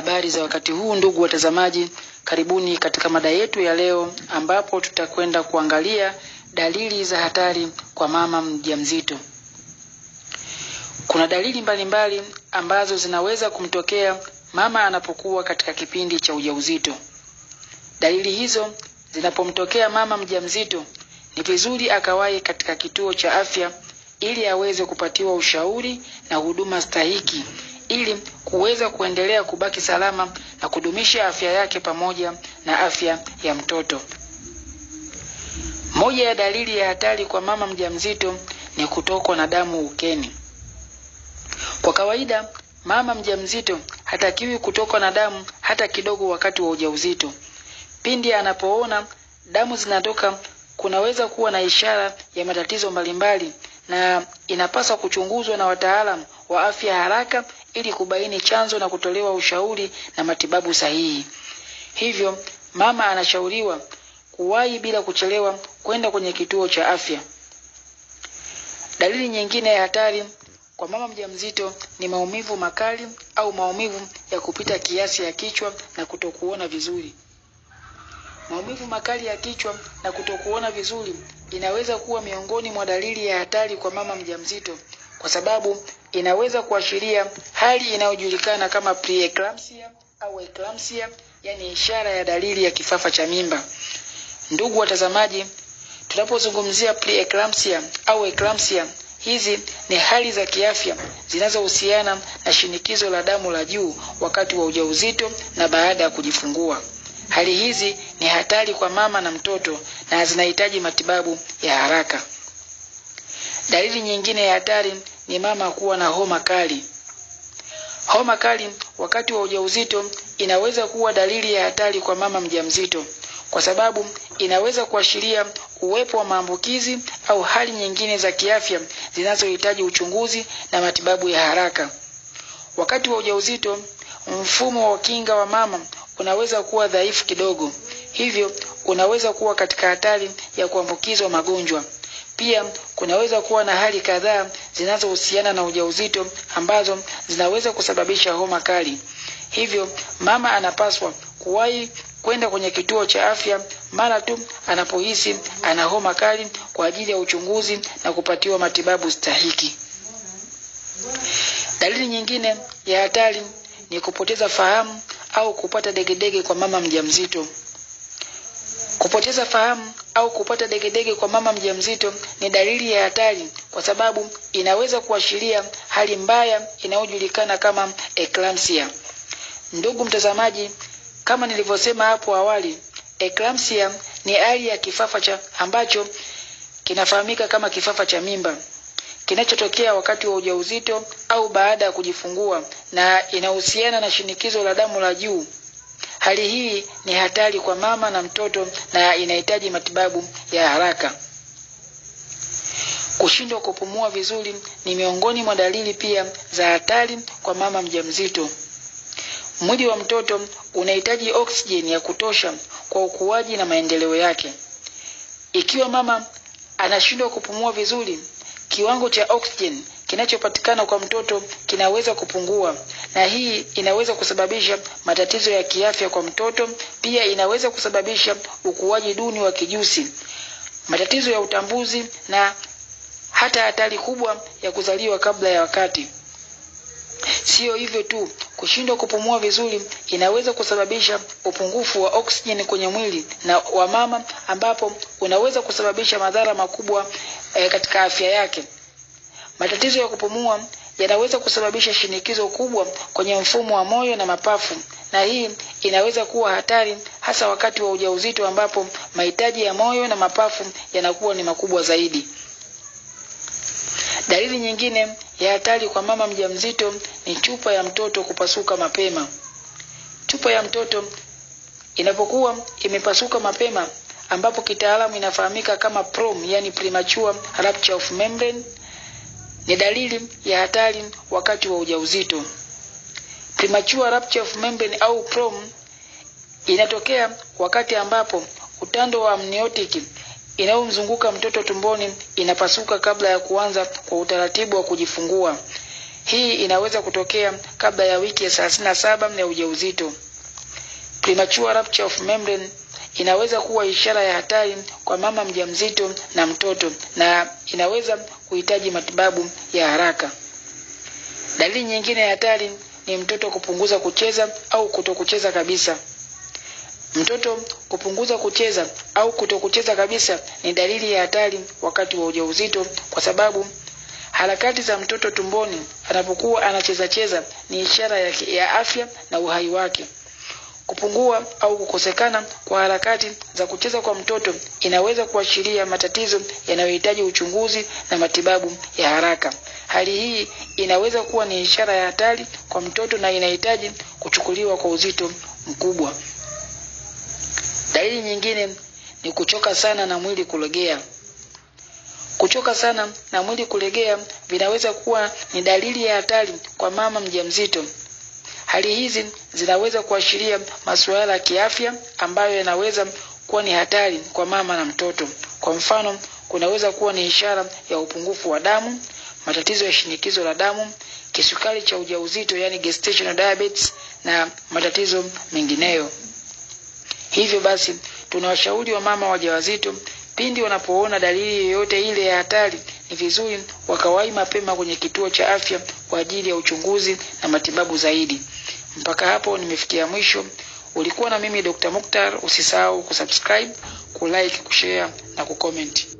habari za wakati huu, ndugu watazamaji, karibuni katika mada yetu ya leo, ambapo tutakwenda kuangalia dalili za hatari kwa mama mjamzito. Kuna dalili mbalimbali mbali ambazo zinaweza kumtokea mama anapokuwa katika kipindi cha ujauzito. Dalili hizo zinapomtokea mama mjamzito, ni vizuri akawahi katika kituo cha afya ili aweze kupatiwa ushauri na huduma stahiki ili kuweza kuendelea kubaki salama na kudumisha afya yake pamoja na afya ya mtoto. Moja ya dalili ya hatari kwa mama mjamzito ni kutokwa na damu ukeni. Kwa kawaida mama mjamzito hatakiwi kutokwa na damu hata kidogo wakati wa ujauzito. Pindi anapoona damu zinatoka, kunaweza kuwa na ishara ya matatizo mbalimbali, na inapaswa kuchunguzwa na wataalamu wa afya haraka ili kubaini chanzo na kutolewa ushauri na matibabu sahihi. Hivyo mama anashauriwa kuwahi bila kuchelewa kwenda kwenye kituo cha afya. Dalili nyingine ya hatari kwa mama mjamzito ni maumivu makali au maumivu ya kupita kiasi ya kichwa na kutokuona vizuri. Maumivu makali ya kichwa na kutokuona vizuri inaweza kuwa miongoni mwa dalili ya hatari kwa mama mjamzito kwa sababu inaweza kuashiria hali inayojulikana kama preeclampsia au eclampsia, yani ishara ya dalili ya kifafa cha mimba. Ndugu watazamaji, tunapozungumzia preeclampsia au eclampsia, hizi ni hali za kiafya zinazohusiana na shinikizo la damu la juu wakati wa ujauzito na baada ya kujifungua. Hali hizi ni hatari kwa mama na mtoto na zinahitaji matibabu ya haraka. Dalili nyingine ya hatari ni mama kuwa na homa kali. Homa kali wakati wa ujauzito inaweza kuwa dalili ya hatari kwa mama mjamzito kwa sababu inaweza kuashiria uwepo wa maambukizi au hali nyingine za kiafya zinazohitaji uchunguzi na matibabu ya haraka. Wakati wa ujauzito, mfumo wa kinga wa mama unaweza kuwa dhaifu kidogo, hivyo unaweza kuwa katika hatari ya kuambukizwa magonjwa. Pia kunaweza kuwa na hali kadhaa zinazohusiana na ujauzito ambazo zinaweza kusababisha homa kali. Hivyo mama anapaswa kuwahi kwenda kwenye kituo cha afya mara tu anapohisi ana homa kali kwa ajili ya uchunguzi na kupatiwa matibabu stahiki. Dalili nyingine ya hatari ni kupoteza fahamu au kupata degedege kwa mama mjamzito. Kupoteza fahamu au kupata degedege kwa mama mjamzito ni dalili ya hatari, kwa sababu inaweza kuashiria hali mbaya inayojulikana kama eclampsia. Ndugu mtazamaji, kama nilivyosema hapo awali, eclampsia ni hali ya kifafa cha ambacho kinafahamika kama kifafa cha mimba kinachotokea wakati wa ujauzito au baada ya kujifungua na inahusiana na shinikizo la damu la juu Hali hii ni hatari kwa mama na mtoto na inahitaji matibabu ya haraka. Kushindwa kupumua vizuri ni miongoni mwa dalili pia za hatari kwa mama mjamzito. Mwili wa mtoto unahitaji oksijeni ya kutosha kwa ukuaji na maendeleo yake. Ikiwa mama anashindwa kupumua vizuri, kiwango cha oksijeni kinachopatikana kwa mtoto kinaweza kupungua, na hii inaweza kusababisha matatizo ya kiafya kwa mtoto. Pia inaweza kusababisha ukuaji duni wa kijusi, matatizo ya utambuzi na hata hatari kubwa ya kuzaliwa kabla ya wakati. sio hivyo tu, kushindwa kupumua vizuri inaweza kusababisha upungufu wa oksijeni kwenye mwili na wa mama, ambapo unaweza kusababisha madhara makubwa e, katika afya yake. Matatizo ya kupumua yanaweza kusababisha shinikizo kubwa kwenye mfumo wa moyo na mapafu, na hii inaweza kuwa hatari hasa wakati wa ujauzito ambapo mahitaji ya moyo na mapafu yanakuwa ni makubwa zaidi. Dalili nyingine ya hatari kwa mama mjamzito ni chupa ya mtoto kupasuka mapema. Chupa ya mtoto inapokuwa imepasuka mapema, ambapo kitaalamu inafahamika kama PROM, yani premature rupture of membrane ni dalili ya hatari wakati wa ujauzito. Premature rupture of membrane au PROM inatokea wakati ambapo utando wa amniotic inayomzunguka mtoto tumboni inapasuka kabla ya kuanza kwa utaratibu wa kujifungua. Hii inaweza kutokea kabla ya wiki ya 37 ya ujauzito. Premature rupture of membrane inaweza kuwa ishara ya hatari kwa mama mjamzito na mtoto na inaweza kuhitaji matibabu ya haraka. Dalili nyingine ya hatari ni mtoto kupunguza kucheza au kutokucheza kabisa. Mtoto kupunguza kucheza au kutokucheza kabisa ni dalili ya hatari wakati wa ujauzito kwa sababu harakati za mtoto tumboni anapokuwa anachezacheza ni ishara ya afya na uhai wake. Kupungua au kukosekana kwa harakati za kucheza kwa mtoto inaweza kuashiria matatizo yanayohitaji uchunguzi na matibabu ya haraka. Hali hii inaweza kuwa ni ishara ya hatari kwa mtoto na inahitaji kuchukuliwa kwa uzito mkubwa. Dalili nyingine ni kuchoka sana na mwili kulegea. Kuchoka sana na mwili kulegea vinaweza kuwa ni dalili ya hatari kwa mama mjamzito. Hali hizi zinaweza kuashiria masuala ya kiafya ambayo yanaweza kuwa ni hatari kwa mama na mtoto. Kwa mfano, kunaweza kuwa ni ishara ya upungufu wa damu, matatizo ya shinikizo la damu, kisukari cha ujauzito yani gestational diabetes na matatizo mengineyo. Hivyo basi tunawashauri wa mama wajawazito pindi wanapoona dalili yoyote ile ya hatari ni vizuri wakawahi mapema kwenye kituo cha afya kwa ajili ya uchunguzi na matibabu zaidi. Mpaka hapo nimefikia mwisho. Ulikuwa na mimi Dr. Mukhtar. Usisahau kusubscribe, kulike, kushare na kucomment.